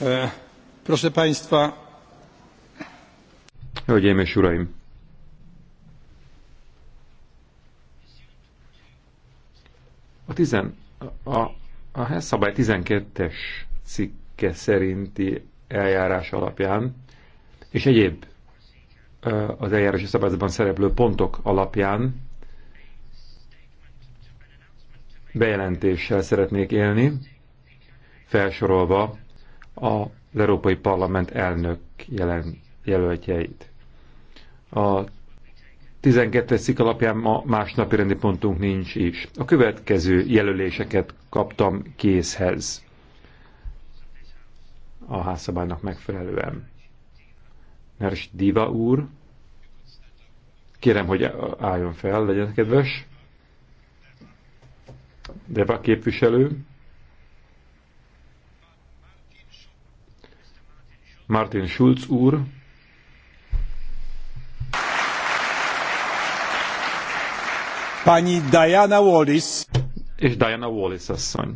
E, proszę Państwa. Hölgyeim és Uraim! A, tizen, a, a HESZ szabály 12-es cikke szerinti eljárás alapján és egyéb e, az eljárási szabályzatban szereplő pontok alapján bejelentéssel szeretnék élni, felsorolva az Európai Parlament elnök jelen, jelöltjeit. A 12. szik alapján ma más napi rendi pontunk nincs is. A következő jelöléseket kaptam készhez a házszabálynak megfelelően. Ners Diva úr, kérem, hogy álljon fel, legyen kedves. Deva képviselő, Martin Schulz úr. Pani Diana Wallis. És Diana Wallis asszony.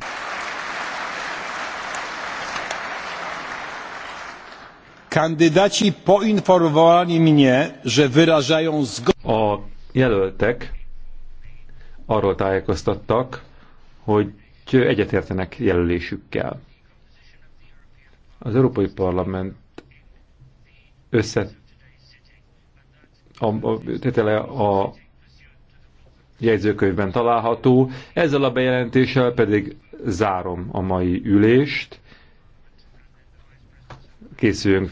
Kandidáci poinformovali mnie, że wyrażają zgodę. A jelöltek arról tájékoztattak, hogy egyetértenek jelölésükkel. Az Európai Parlament össze a, a tétele a jegyzőkönyvben található. Ezzel a bejelentéssel pedig zárom a mai ülést. Készüljünk